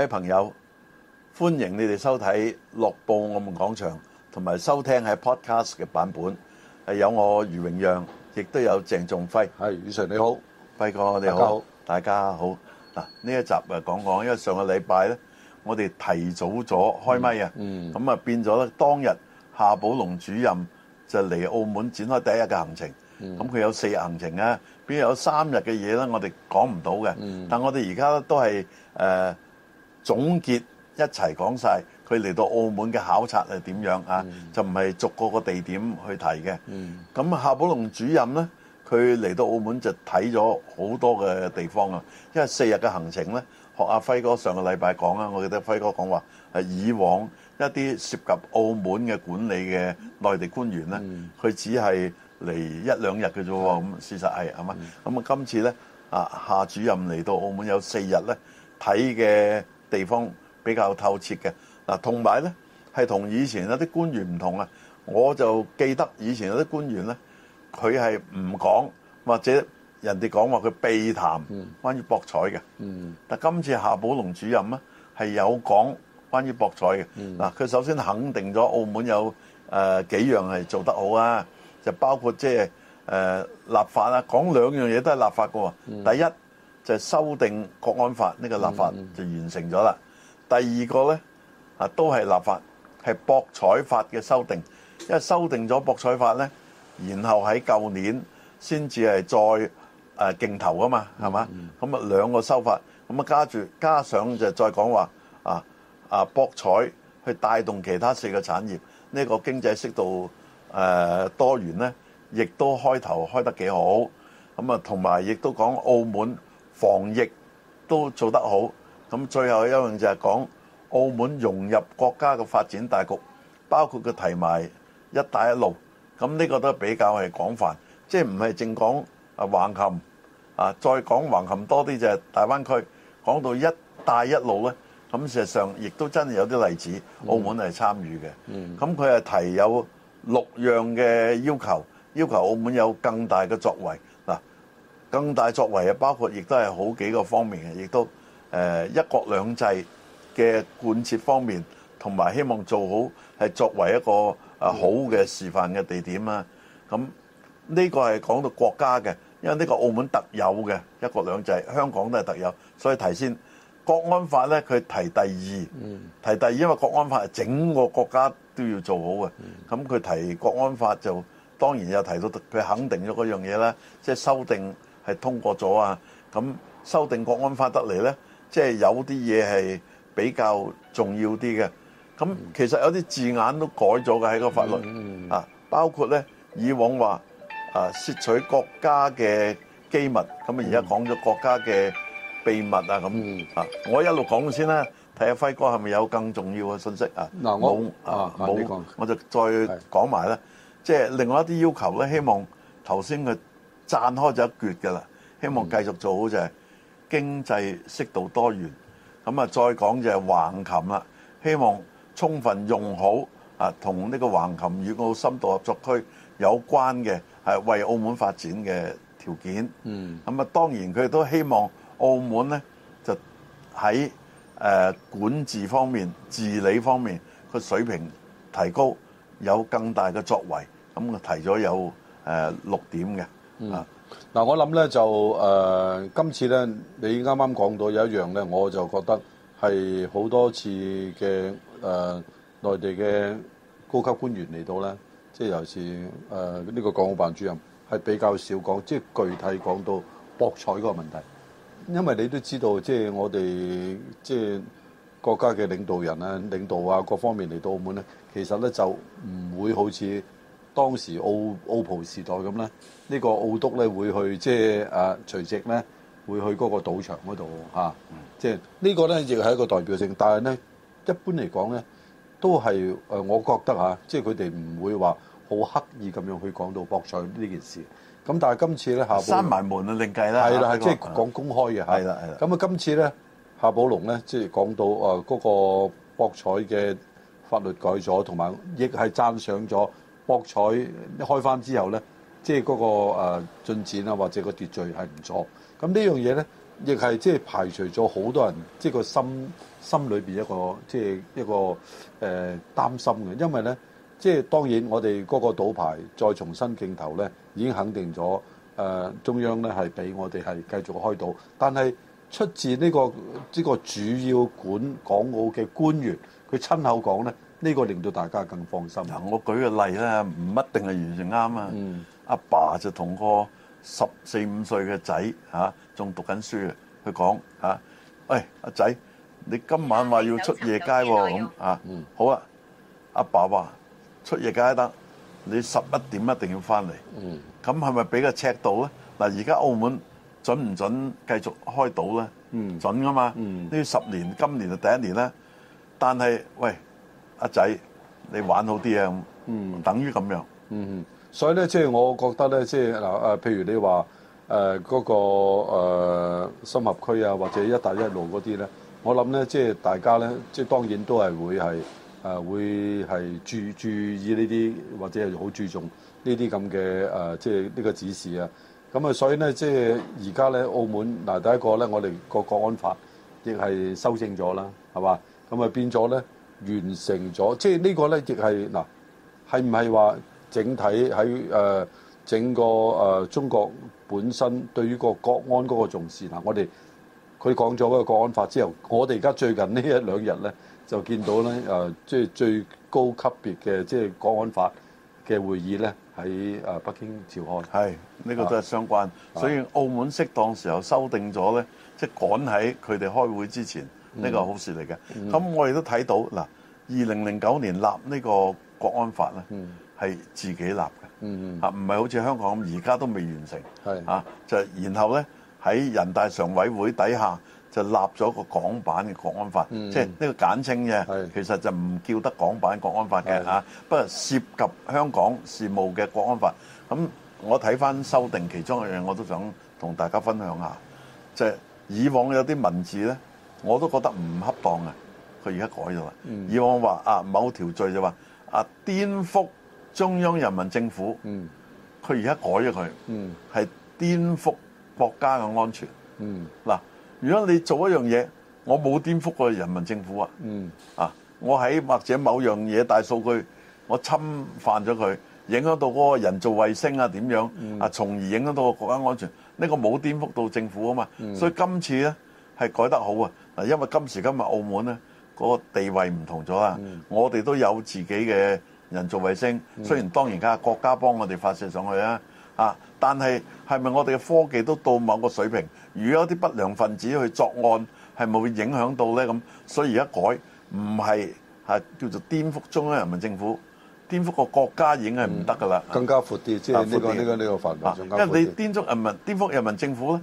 各位朋友，歡迎你哋收睇《樂報我們講場》，同埋收聽喺 podcast 嘅版本。係有我余榮讓，亦都有鄭仲輝。係，余 Sir 你好，輝哥你好，大家好。嗱呢一集誒，講講，因為上個禮拜咧，我哋提早咗開咪啊，咁啊，嗯嗯、變咗咧，當日夏寶龍主任就嚟澳門展開第一日嘅行程。咁佢，嗯、有四日行程啊，變有三日嘅嘢咧，我哋講唔到嘅。嗯、但我哋而家都係誒。呃總結一齊講晒，佢嚟到澳門嘅考察係點樣啊？就唔係逐個個地點去提嘅。咁夏寶龍主任呢，佢嚟到澳門就睇咗好多嘅地方啊！因為四日嘅行程呢，學阿輝哥上個禮拜講啊，我記得輝哥講話以往一啲涉及澳門嘅管理嘅內地官員呢，佢只係嚟一兩日嘅啫喎。咁事實係係嘛？咁、嗯、啊，今次呢，啊，夏主任嚟到澳門有四日呢，睇嘅地方比較透徹嘅嗱，同埋咧係同以前有啲官員唔同啊！我就記得以前有啲官員咧，佢係唔講或者人哋講話佢避談關於博彩嘅。嗯、但今次夏寶龍主任呢，係有講關於博彩嘅嗱。佢、嗯、首先肯定咗澳門有誒、呃、幾樣係做得好啊，就包括即係誒立法啊，講兩樣嘢都係立法嘅喎。嗯、第一。就係修訂國安法呢個立法就完成咗啦。第二個呢，啊，都係立法係博彩法嘅修訂，因為修訂咗博彩法呢，然後喺舊年先至係再誒競投啊嘛，係嘛？咁啊兩個修法，咁啊加住加上就再講話啊啊博彩去帶動其他四個產業呢個經濟適度誒多元呢，亦都開頭開得幾好。咁啊同埋亦都講澳門。防疫都做得好，咁最後一樣就係講澳門融入國家嘅發展大局，包括佢提埋一帶一路，咁呢個都比較係廣泛，即係唔係淨講啊橫琴啊，再講橫琴多啲就係大灣區講到一帶一路咧，咁事實上亦都真係有啲例子，嗯、澳門係參與嘅，咁佢係提有六樣嘅要求，要求澳門有更大嘅作為。更大作為啊，包括亦都係好幾個方面嘅，亦都誒一國兩制嘅貫徹方面，同埋希望做好係作為一個啊好嘅示範嘅地點啊。咁呢個係講到國家嘅，因為呢個澳門特有嘅一國兩制，香港都係特有，所以提先國安法咧，佢提第二，提第二，因為國安法係整個國家都要做好嘅，咁佢提國安法就當然又提到佢肯定咗嗰樣嘢啦，即係修訂。係通過咗啊！咁修訂國安法得嚟咧，即係有啲嘢係比較重要啲嘅。咁其實有啲字眼都改咗嘅喺個法律啊，包括咧以往話啊，竊取國家嘅機密，咁啊而家講做國家嘅秘密啊咁啊。我一路講先啦，睇下輝哥係咪有更重要嘅信息啊？嗱，我啊冇，我就再講埋啦。即係另外一啲要求咧，希望頭先嘅。攤開就一撅㗎啦，希望繼續做好就係經濟適度多元。咁啊，再講就係橫琴啦，希望充分用好啊，同呢個橫琴與澳深度合作區有關嘅係為澳門發展嘅條件。嗯，咁啊，當然佢都希望澳門呢就喺誒管治方面、治理方面個水平提高，有更大嘅作為。咁啊提咗有誒六點嘅。嗱、嗯啊，我諗咧就誒、呃，今次咧你啱啱講到有一樣咧，我就覺得係好多次嘅誒內地嘅高級官員嚟到咧，即係尤其是誒呢、呃這個港澳辦主任，係比較少講，即係具體講到博彩嗰個問題，因為你都知道，即係我哋即係國家嘅領導人啊、領導啊各方面嚟到澳門咧，其實咧就唔會好似。當時澳葡時代咁咧，呢、這個澳督咧會去即係誒除夕咧會去嗰個賭場嗰度嚇，即、啊、係、嗯、呢個咧亦係一個代表性。但係咧一般嚟講咧都係誒、呃，我覺得嚇即係佢哋唔會話好刻意咁樣去講到博彩呢件事。咁、啊、但係今次咧夏，閂埋門啊，另計啦，係啦係，即、就、係、是、講公開嘅嚇。係啦係啦。咁啊，啊今次咧夏寶龍咧即係講到誒嗰、啊那個博彩嘅法律改咗，同埋亦係讚賞咗。博彩開返之後呢，即係嗰個誒進展啊，或者個秩序係唔錯。咁呢樣嘢呢，亦係即係排除咗好多人即係個心心裏邊一個即係一個誒擔心嘅。因為呢，即係當然我哋嗰個賭牌再重新競投呢，已經肯定咗誒中央呢係俾我哋係繼續開賭。但係出自呢個呢個主要管港澳嘅官員，佢親口講呢。呢個令到大家更放心。嗱，我舉個例咧，唔一定係完全啱啊。阿爸就同個十四五歲嘅仔嚇，仲讀緊書嘅，佢講嚇：，喂，阿仔，你今晚話要出夜街喎？咁嚇，好啊。阿爸話：出夜街得，你十一點一定要翻嚟。咁係咪俾個尺度咧？嗱，而家澳門準唔準繼續開賭咧？準噶嘛。呢十年，今年就第一年咧。但係喂。阿仔，你玩好啲啊！嗯，等於咁樣。嗯，所以咧，即係我覺得咧，即係嗱，譬如你話誒嗰個誒深合區啊，或者一帶一路嗰啲咧，我諗咧，即係大家咧，即係當然都係會係誒會係注注意呢啲，或者係好注重呢啲咁嘅誒，即係呢個指示啊。咁啊，所以咧，即係而家咧，澳門嗱第一個咧，我哋個國安法亦係修正咗啦，係嘛？咁啊變咗咧。完成咗，即係呢個咧，亦係嗱，係唔係話整體喺誒、呃、整個誒、呃、中國本身對於個國安嗰個重視嗱？我哋佢講咗個國安法之後，我哋而家最近這一天呢一兩日咧，就見到咧誒即係最高級別嘅即係國安法嘅會議咧喺誒北京召開。係呢、這個都係相關，啊、所以澳門適當時候修訂咗咧，即係趕喺佢哋開會之前。呢個好事嚟嘅、嗯，咁、嗯、我哋都睇到嗱，二零零九年立呢個國安法咧，係自己立嘅、嗯，唔、嗯、係好似香港咁，而家都未完成是，就然後咧喺人大常委會底下就立咗個港版嘅國安法、嗯，即係呢個簡稱嘅是，其實就唔叫得港版國安法嘅是，不過涉及香港事務嘅國安法，咁我睇返修訂其中一樣我都想同大家分享一下，即係以往有啲文字咧。我都覺得唔恰當啊，佢而家改咗啦。以往話啊，某條罪就話啊，顛覆中央人民政府。佢而家改咗佢，係顛、嗯、覆國家嘅安全。嗱、嗯啊，如果你做一樣嘢，我冇顛覆過人民政府啊。嗯、啊，我喺或者某樣嘢大數據，我侵犯咗佢，影響到嗰個人造衛星啊點樣啊，從、嗯、而影響到個國家安全。呢、這個冇顛覆到政府啊嘛。嗯、所以今次咧。係改得好啊！嗱，因為今時今日澳門咧嗰個地位唔同咗啦，我哋都有自己嘅人造衛星，雖然當然家國家幫我哋發射上去啦，啊，但係係咪我哋嘅科技都到某個水平？如果有啲不良分子去作案，係咪會影響到咧咁？所以而家改唔係係叫做顛覆中央人民政府、顛覆個國家已經係唔得㗎喇，更加闊啲，即係呢個呢個範圍更加闊啲，因為你顛覆人民、顛覆人民政府咧。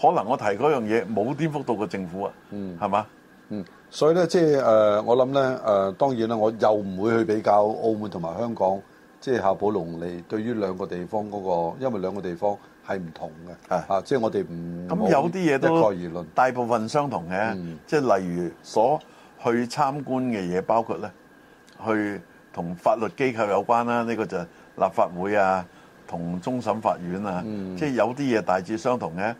可能我提嗰樣嘢冇顛覆到個政府啊，係嘛？嗯，所以咧，即係誒，我諗咧，誒，當然啦，我又唔會去比較澳門同埋香港，即係夏寶龍嚟對於兩個地方嗰個，因為兩個地方係唔同嘅，係啊，即係我哋唔咁有啲嘢都而論，嗯，大部分相同嘅，即係例如所去參觀嘅嘢，包括咧，去同法律機構有關啦，呢個就立法會啊，同終審法院啊，即係，嗯，有啲嘢大致相同嘅。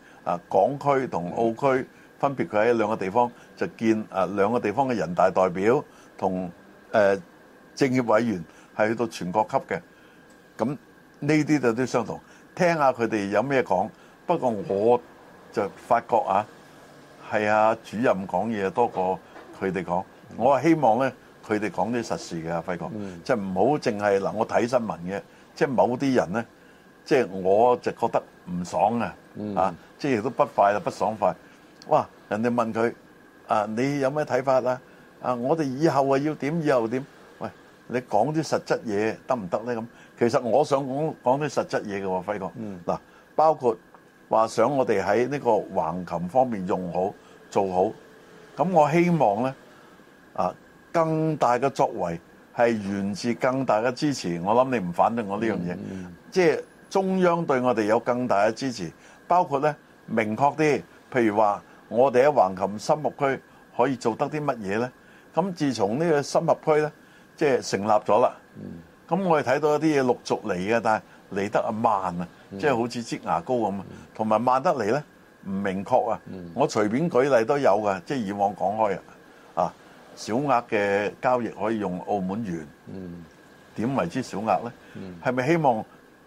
港區同澳區分別，佢喺兩個地方就見啊，兩個地方嘅人大代表同誒、呃、政協委員係去到全國級嘅，咁呢啲就都相同。聽下佢哋有咩講，不過我就發覺啊，係啊主任講嘢多過佢哋講。我係希望呢，佢哋講啲實事嘅，輝哥，即係唔好淨係嗱我睇新聞嘅，即係某啲人呢。即係我就覺得唔爽、嗯、啊！啊，即係都不快啊，不爽快。哇！人哋問佢啊，你有咩睇法啊？啊，我哋以後啊要點以後點？喂，你講啲實質嘢得唔得咧？咁其實我想講講啲實質嘢嘅輝哥。嗱、嗯，包括話想我哋喺呢個橫琴方面用好做好。咁我希望咧啊，更大嘅作為係源自更大嘅支持。嗯、我諗你唔反對我呢樣嘢，即係、嗯。嗯中央對我哋有更大嘅支持，包括咧明確啲，譬如話我哋喺橫琴深合區可以做得啲乜嘢咧？咁自從呢個深合區咧，即係成立咗啦，咁我哋睇到一啲嘢陸續嚟嘅，但係嚟得啊慢啊，嗯、即係好似擠牙膏咁，同埋、嗯、慢得嚟咧唔明確啊。嗯、我隨便舉例都有㗎，即係以往講開啊，小額嘅交易可以用澳門元，點、嗯、為之小額咧？係咪希望？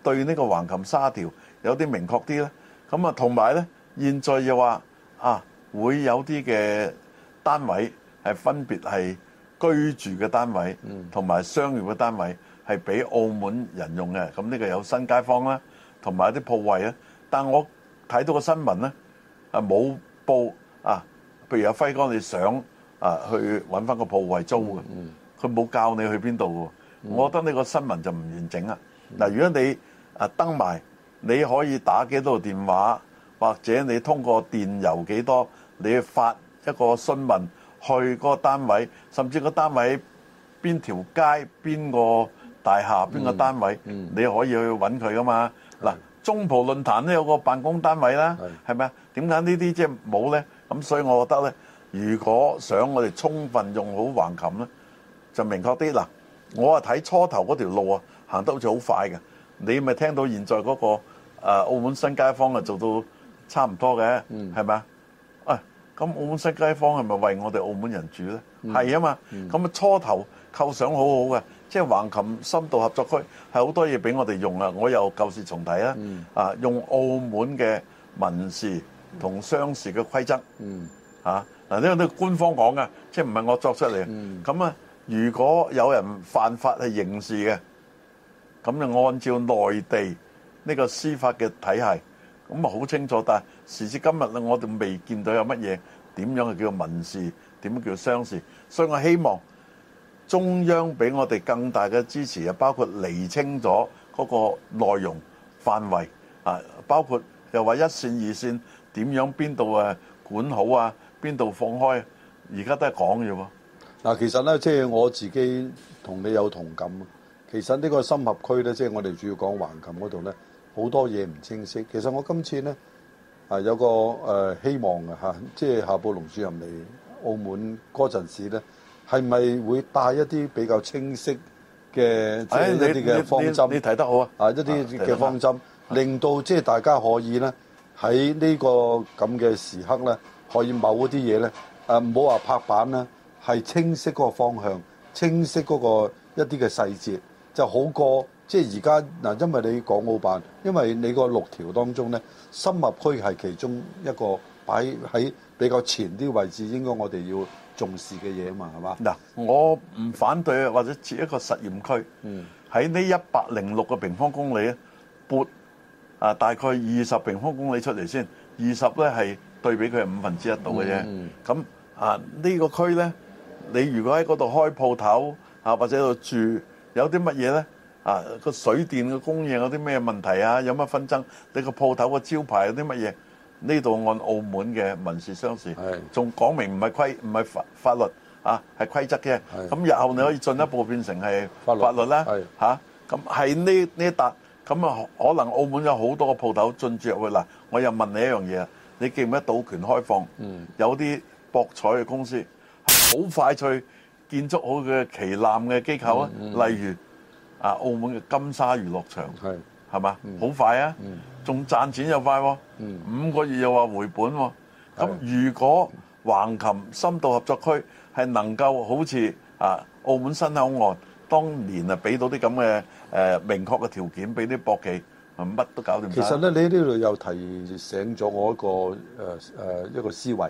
對呢個橫琴沙條有啲明確啲咧，咁啊同埋咧，現在又話啊會有啲嘅單位係分別係居住嘅單位，同埋商業嘅單位係俾澳門人用嘅。咁呢個有新街坊啦，同埋一啲鋪位啊。但我睇到個新聞咧啊冇報啊，譬如阿輝哥你想啊去揾翻個鋪位租嘅，佢冇教你去邊度嘅，我覺得呢個新聞就唔完整啦。嗱、啊，如果你啊！登埋你可以打幾多個電話，或者你通過電郵幾多，你去發一個詢問去嗰個單位，甚至個單位邊條街、邊個大廈、邊個單位，嗯嗯、你可以去揾佢噶嘛？嗱是，中葡論壇都有個辦公單位啦，係咪啊？點解呢啲即係冇呢？咁所以我覺得呢，如果想我哋充分用好橫琴呢，就明確啲啦，我啊睇初頭嗰條路啊行得好似好快嘅。你咪聽到現在嗰、那個、啊、澳門新街坊啊，做到差唔多嘅，係咪啊？咁、哎、澳門新街坊係咪為我哋澳門人住咧？係啊嘛，咁啊嗎、嗯、初頭構想好好嘅，即、就、係、是、橫琴深度合作區係好多嘢俾我哋用啊！我又舊事重提啦，嗯、啊，用澳門嘅民事同商事嘅規則，嚇嗱、嗯，呢個、啊、都官方講嘅，即係唔係我作出嚟？咁、嗯、啊，如果有人犯法去刑事嘅。咁就按照內地呢個司法嘅體系，咁啊好清楚。但係時至今日咧，我哋未見到有乜嘢點樣嘅叫民事，點樣叫商事。所以我希望中央俾我哋更大嘅支持啊，包括釐清咗嗰個內容範圍啊，包括又話一線二線點樣邊度誒管好啊，邊度放開，而家都係講嘅喎。嗱，其實咧，即係我自己同你有同感。其實呢個深合區咧，即係我哋主要講橫琴嗰度咧，好多嘢唔清晰。其實我今次咧啊，有個誒希望嘅嚇啊，即係夏寶龍主任嚟澳門嗰陣時咧，係咪會帶一啲比較清晰嘅即係一啲嘅方針？你睇得好啊！啊，一啲嘅方針，啊、令到即係大家可以咧喺呢個咁嘅時刻咧，可以某一啲嘢咧，誒唔好話拍板啦，係清晰嗰個方向，清晰嗰個一啲嘅細節。就好過即係而家嗱，因為你港澳辦，因為你個六條當中呢，深入區係其中一個擺喺比較前啲位置，應該我哋要重視嘅嘢嘛，係嘛嗱？我唔反對或者設一個實驗區喺呢一百零六個平方公里撥撥啊、呃，大概二十平方公里出嚟先，二十呢係對比佢係五分之一度嘅啫。咁啊、嗯，呢、呃呢個區呢，你如果喺嗰度開鋪頭啊，或者喺度住。有啲乜嘢咧？啊，個水電嘅供應有啲咩問題啊？有乜紛爭？你個鋪頭個招牌有啲乜嘢？呢度按澳門嘅民事商事，仲講的明唔係規唔係法法律，法律啊，係規則嘅。咁的日後你可以進一步變成係法律啦。咁喺呢呢一笪，咁啊可能澳門有好多個鋪頭進駐入去。嗱，我又問你一樣嘢，你記唔記得賭權開放？有啲博彩嘅公司好快脆。建築好嘅旗艦嘅機構啊，嗯嗯、例如啊澳門嘅金沙娛樂場，係係嘛？好吧、嗯、快啊，仲、嗯、賺錢又快、啊，嗯、五個月又話回本喎、啊。咁是如果橫琴深度合作區係能夠好似啊澳門新口岸當年啊俾到啲咁嘅誒明確嘅條件，俾啲博企，咪乜都搞掂。其實咧，你呢度又提醒咗我一個誒誒、呃呃、一個思維，誒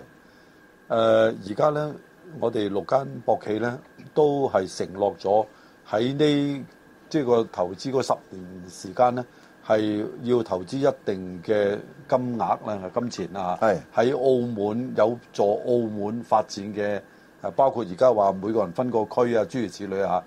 而家咧。我哋六間博企呢，都係承諾咗喺呢即係個投資嗰十年時間呢，係要投資一定嘅金額啦，金錢啊，喺澳門有助澳門發展嘅，包括而家話每個人分個區啊，諸如此類啊。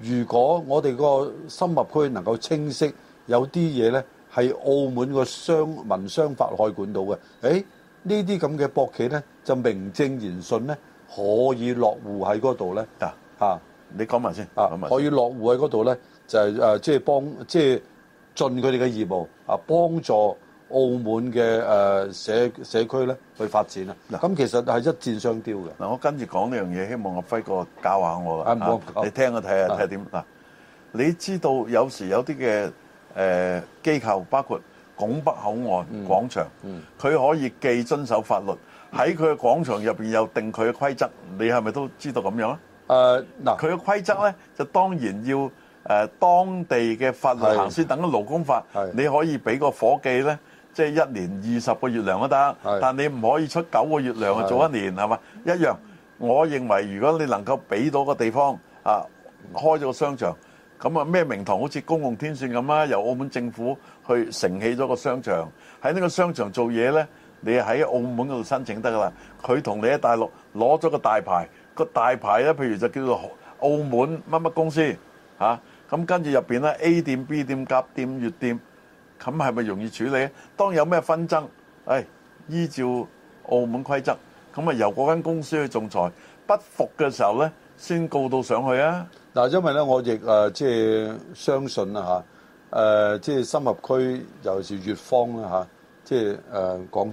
如果我哋個深入區能夠清晰有啲嘢呢係澳門個商民商法可以管到嘅，誒呢啲咁嘅博企呢，就名正言順呢。可以落戶喺嗰度咧？啊，啊你講埋先。啊，可以落戶喺嗰度咧，就係即係幫即係盡佢哋嘅義務，啊，幫助澳門嘅誒、啊、社社區咧去發展啊。嗱、啊，咁其實係一箭雙雕嘅。嗱、啊，我跟住講呢樣嘢，希望阿輝哥教下我、啊、你聽我睇下睇下點嗱？你知道有時有啲嘅誒機構，包括拱北口岸廣場，佢、嗯嗯、可以既遵守法律。喺佢嘅廣場入邊有定佢嘅規則，你係咪都知道咁樣啊？誒嗱，佢嘅規則咧就當然要誒當地嘅法律行先，等勞工法。你可以俾個夥計咧，即係一年二十個月糧都得，但你唔可以出九個月糧去做一年係嘛？一樣，我認為如果你能夠俾到個地方啊，開咗個商場，咁啊咩名堂？好似公共天線咁啊，由澳門政府去承起咗個商場，喺呢個商場做嘢咧。你喺澳門嗰度申請得噶啦，佢同你喺大陸攞咗個大牌，個大牌咧，譬如就叫做澳門乜乜公司嚇，咁跟住入邊咧 A 店、B 店、甲店、乙店，咁係咪容易處理咧？當有咩紛爭，誒依照澳門規則，咁咪由嗰間公司去仲裁，不服嘅時候咧，先告到上去啊！嗱，因為咧，我亦誒即係相信啊嚇，誒即係深合區尤其是粵方啦嚇。即係誒、呃、廣東，月廣東月啊！就係呃、我講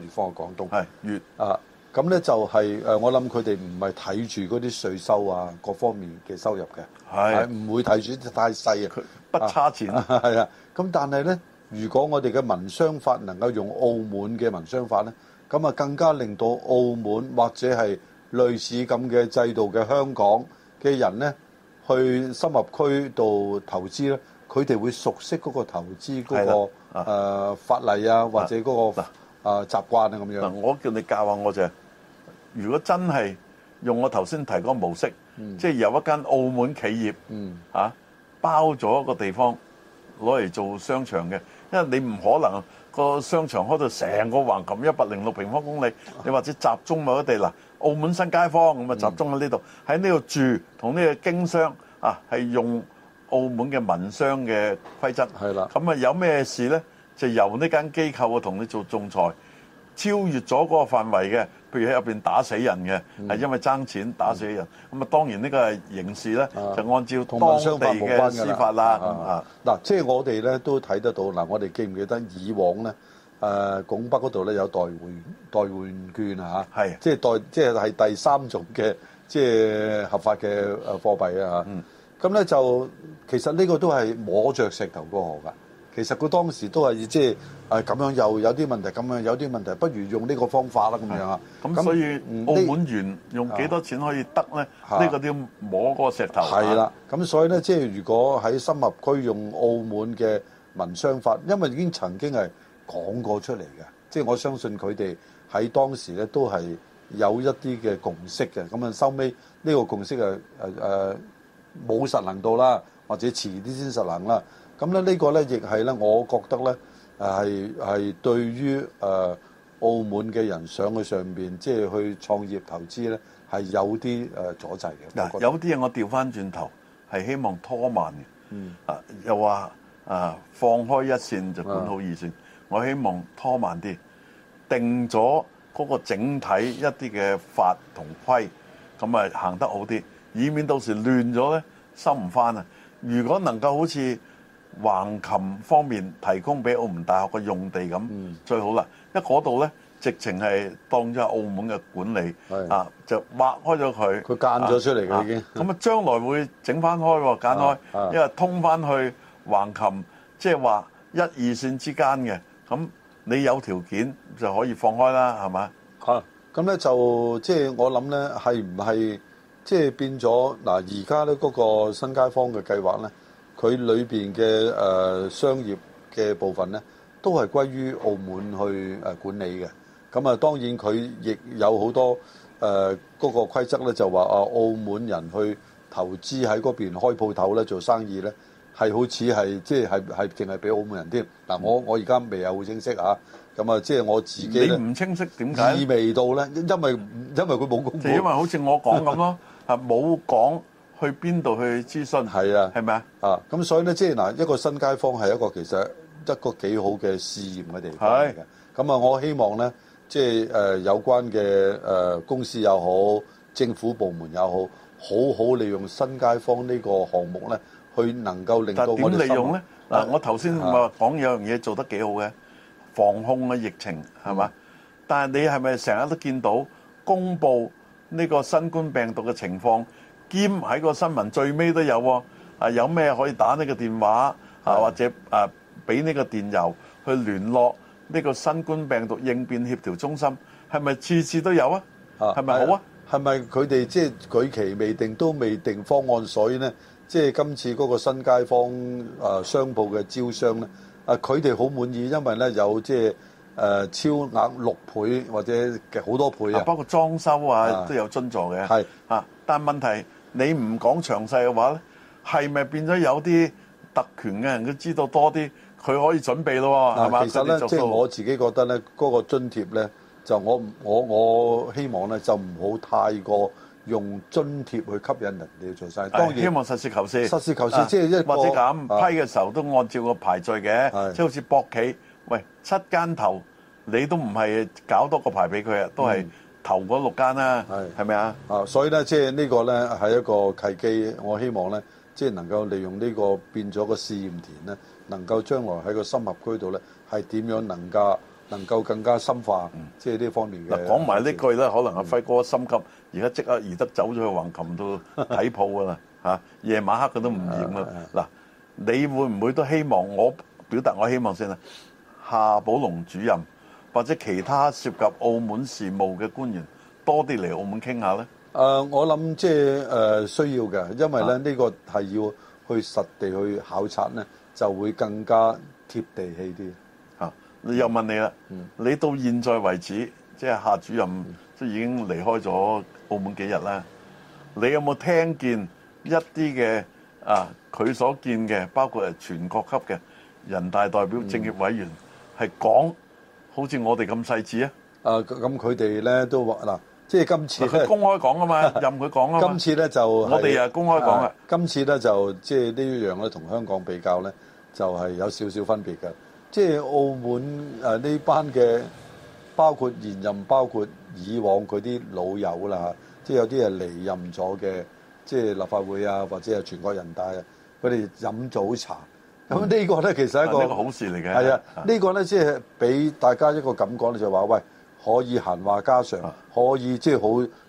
粵方嘅廣東係粵啊，咁咧就係誒我諗佢哋唔係睇住嗰啲稅收啊各方面嘅收入嘅係唔會睇住太細啊，不差錢係啊！咁但係咧，如果我哋嘅民商法能夠用澳門嘅民商法咧，咁啊更加令到澳門或者係類似咁嘅制度嘅香港嘅人咧，去深合區度投資咧，佢哋會熟悉嗰個投資嗰個。啊！法例啊，或者嗰個啊習慣啊，咁樣。嗱，我叫你教下我，我就係如果真係用我頭先提嗰模式，即係由一間澳門企業，嚇包咗一個地方攞嚟做商場嘅。因為你唔可能個商場開到成個橫琴一百零六平方公里，你或者集中某啲地嗱，澳門新街坊咁啊集中喺呢度，喺呢度住同呢個經商啊，係用。澳門嘅民商嘅規則係啦，咁啊有咩事咧，就由呢間機構啊同你做仲裁。超越咗嗰個範圍嘅，譬如喺入邊打死人嘅，係因為爭錢打死人。咁啊當然呢個刑事咧，就按照商法嘅司法啦。同我冇關㗎啦。嗱，即係我哋咧都睇得到。嗱，我哋記唔記得以往咧誒拱北嗰度咧有代換代換券啊？吓，係即係代即係係第三種嘅即係合法嘅誒貨幣啊？嚇。咁咧就其實呢個都係摸着石頭過河㗎。其實佢當時都係即係誒咁樣又有啲問題，咁樣有啲問題，不如用呢個方法啦，咁樣啊。咁的那所以澳門元你用幾多錢可以得咧？呢、啊、個都要摸嗰個石頭。係啦的。咁、啊、所以咧，即係如果喺深合區用澳門嘅民商法，因為已經曾經係講過出嚟嘅，即係我相信佢哋喺當時咧都係有一啲嘅共識嘅。咁啊，收尾呢個共識誒冇實能到啦，或者遲啲先實能啦。咁咧呢個呢，亦係呢，我覺得咧，係係對於誒澳門嘅人上去上面，即係去創業投資呢，係有啲誒阻滯嘅。有啲嘢我調翻轉頭，係希望拖慢嘅。嗯。又話啊，放開一線就管好二線，啊、我希望拖慢啲，定咗嗰個整體一啲嘅法同規，咁啊行得好啲。以免到時亂咗咧收唔翻啊！如果能夠好似橫琴方面提供俾澳門大學嘅用地咁，嗯、最好啦，因為嗰度咧直情係當咗澳門嘅管理係啊，就挖開咗佢，佢間咗出嚟嘅已經。咁啊，啊啊將來會整翻開揀開，開啊啊、因為通翻去橫琴，即係話一二線之間嘅，咁你有條件就可以放開啦，係咪？嚇、啊！咁咧就即係、就是、我諗咧，係唔係？即係變咗嗱，而家咧嗰個新街坊嘅計劃咧，佢裏邊嘅誒、呃、商業嘅部分咧，都係歸於澳門去管理嘅。咁啊，當然佢亦有好多誒嗰、呃嗰個規則咧，就話啊，澳門人去投資喺嗰邊開鋪頭咧、做生意咧，係好似係即係係係淨係俾澳門人添。嗱、啊，我我而家未有好清晰啊。咁啊，即係我自己唔清晰點解意味到咧？因為因為佢冇工。就因為好似我講咁咯。啊！冇講去邊度去諮詢？係啊，係咪啊？啊！咁所以咧，即係嗱，一個新街坊係一個其實一個幾好嘅試驗嘅地方嘅。咁啊，我希望咧，即係誒有關嘅誒公司又好，政府部門又好，好好利用新街坊呢個項目咧，去能夠令到我哋。但點利用咧？嗱，我頭先咪講有樣嘢做得幾好嘅，防控嘅疫情係嘛？但係你係咪成日都見到公佈？呢個新冠病毒嘅情況，兼喺個新聞最尾都有喎。啊，有咩可以打呢個電話啊？或者啊，俾呢個電郵去聯絡呢個新冠病毒應變協調中心，係咪次次都有啊？嚇，係咪好啊？係咪佢哋即係舉棋未定，都未定方案，所以咧，即係今次嗰個新街坊啊商鋪嘅招商咧，啊佢哋好滿意，因為咧有即係。誒超額六倍或者好多倍啊！包括裝修啊，都有津助嘅。係啊，但問題你唔講詳細嘅話咧，係咪變咗有啲特權嘅人都知道多啲，佢可以準備咯？係嘛？其實咧，即係我自己覺得咧，嗰個津貼咧，就我我我希望咧，就唔好太過用津貼去吸引人哋做生意。當然，希望實事求是，實事求是即係一個或者咁批嘅時候都按照個排序嘅，即好似博企。喂，七間頭你都唔係搞多個牌俾佢啊，都係頭嗰六間啦，係咪啊？吧啊，所以咧，即係呢個咧係一個契機，我希望咧，即係能夠利用呢個變咗個試驗田咧，能夠將來喺個深合區度咧，係點樣能夠能夠更加深化，即係呢方面嘅。講埋呢句咧，嗯、可能阿輝哥心急，而家即刻移得走咗去橫琴度睇鋪噶啦，夜晚黑佢都唔厭啊。嗱、啊，你會唔會都希望我表達我希望先啊？夏寶龍主任或者其他涉及澳門事務嘅官員多啲嚟澳門傾下呢？誒、呃，我諗即係需要嘅，因為咧呢、啊、呢個係要去實地去考察呢，就會更加貼地氣啲。你、啊、又問你啦，你到現在為止，嗯、即係夏主任、嗯、即已經離開咗澳門幾日啦？你有冇聽見一啲嘅啊？佢所見嘅，包括誒全國級嘅人大代表、政協委員。嗯係講好似我哋咁細緻啊！咁佢哋咧都話嗱、啊，即係今次佢公開講啊嘛， 任佢講啦。今次咧就係、我哋啊公開講啊。今次咧就即係呢一樣咧，同香港比較咧，就係、係、有少少分別㗎。即係澳門呢、啊、班嘅，包括現任，包括以往佢啲老友啦、啊，即係有啲係離任咗嘅，即係立法會啊，或者係全國人大啊，佢哋飲早茶。咁呢個咧其實係一個、啊這個、好事嚟嘅，啊，這個、呢個咧即係俾大家一個感覺咧，就話、是、喂，可以閒話家常，可以即係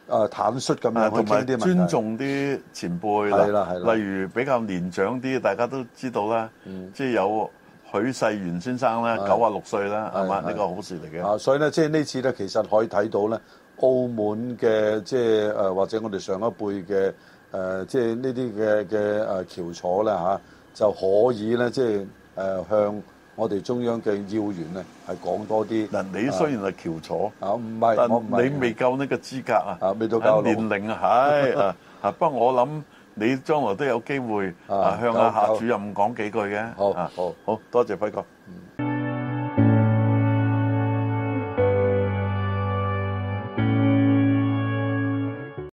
好誒坦率咁樣，同埋尊重啲前輩啦，啊、對對例如比較年長啲，大家都知道啦，即係有許世元先生咧，九啊六歲啦，係嘛？呢個好事嚟嘅。啊，所以咧，即係呢次咧，其實可以睇到咧，澳門嘅即係誒，或者我哋上一輩嘅誒，即係呢啲嘅嘅誒翹楚啦、啊就可以咧，即係誒向我哋中央嘅要員咧，係講多啲。嗱，你雖然係翹楚啊，唔係我唔係你未夠呢個資格啊，未到夠年齡啊，係啊，啊不過我諗你將來都有機會啊向阿夏主任講幾句嘅。好，好好多謝輝哥。嗯。